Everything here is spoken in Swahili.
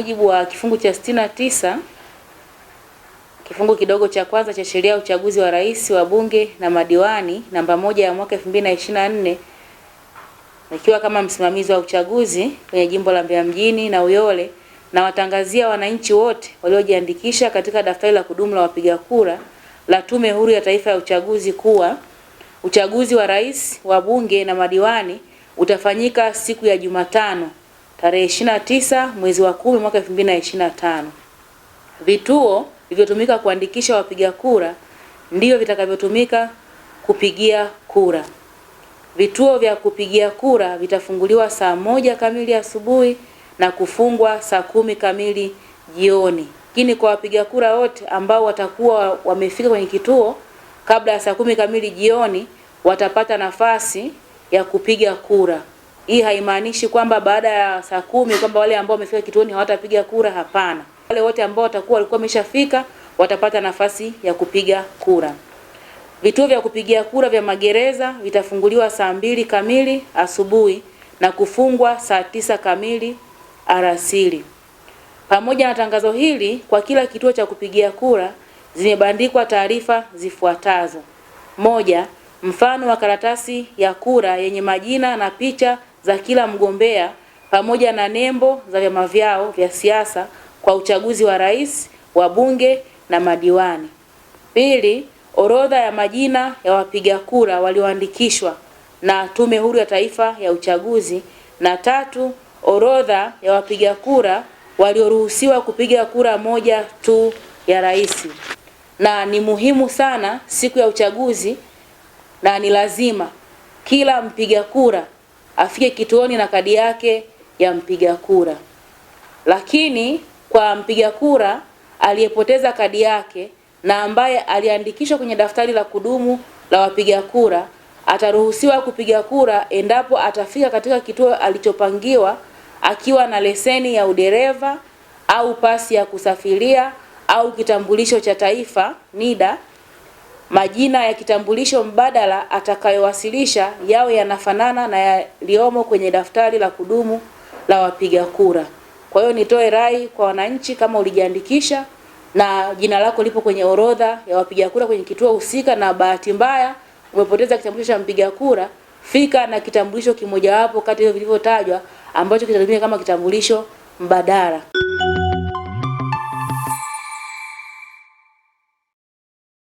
mujibu wa kifungu cha sitini na tisa kifungu kidogo cha kwanza cha sheria ya uchaguzi wa rais wa bunge na madiwani namba moja ya mwaka 2024 nikiwa kama msimamizi wa uchaguzi kwenye jimbo la Mbeya mjini na Uyole, na watangazia wananchi wote waliojiandikisha katika daftari la kudumu la wapiga kura la Tume Huru ya Taifa ya Uchaguzi kuwa uchaguzi wa rais wa bunge na madiwani utafanyika siku ya Jumatano tarehe 29 mwezi wa 10 mwaka 2025. Vituo vilivyotumika kuandikisha wapiga kura ndivyo vitakavyotumika kupigia kura. Vituo vya kupigia kura vitafunguliwa saa moja kamili asubuhi na kufungwa saa kumi kamili jioni. Lakini kwa wapiga kura wote ambao watakuwa wamefika kwenye kituo kabla ya saa kumi kamili jioni watapata nafasi ya kupiga kura. Hii haimaanishi kwamba baada ya saa kumi kwamba wale ambao wamefika kituoni hawatapiga kura. Hapana, wale wote ambao watakuwa walikuwa wameshafika watapata nafasi ya kupiga kura. Vituo vya kupigia kura vya magereza vitafunguliwa saa mbili kamili asubuhi na kufungwa saa tisa kamili arasili. Pamoja na tangazo hili, kwa kila kituo cha kupigia kura zimebandikwa taarifa zifuatazo: moja, mfano wa karatasi ya kura yenye majina na picha za kila mgombea pamoja na nembo za vyama vyao vya siasa kwa uchaguzi wa rais, bunge na madiwani. Pili, orodha ya majina ya wapiga kura walioandikishwa na Tume Huru ya Taifa ya Uchaguzi. Na tatu, orodha ya wapiga kura walioruhusiwa kupiga kura moja tu ya rais. Na ni muhimu sana siku ya uchaguzi na ni lazima kila mpiga kura afike kituoni na kadi yake ya mpiga kura. Lakini kwa mpiga kura aliyepoteza kadi yake na ambaye aliandikishwa kwenye daftari la kudumu la wapiga kura ataruhusiwa kupiga kura endapo atafika katika kituo alichopangiwa akiwa na leseni ya udereva au pasi ya kusafiria au kitambulisho cha taifa NIDA majina ya kitambulisho mbadala atakayowasilisha yawe yanafanana na yaliyomo kwenye daftari la kudumu la wapiga kura. Kwa hiyo nitoe rai kwa wananchi, kama ulijiandikisha na jina lako lipo kwenye orodha ya wapiga kura kwenye kituo husika, na bahati mbaya umepoteza kitambulisho cha mpiga kura, fika na kitambulisho kimojawapo kati ya vilivyotajwa ambacho kitatumika kama kitambulisho mbadala.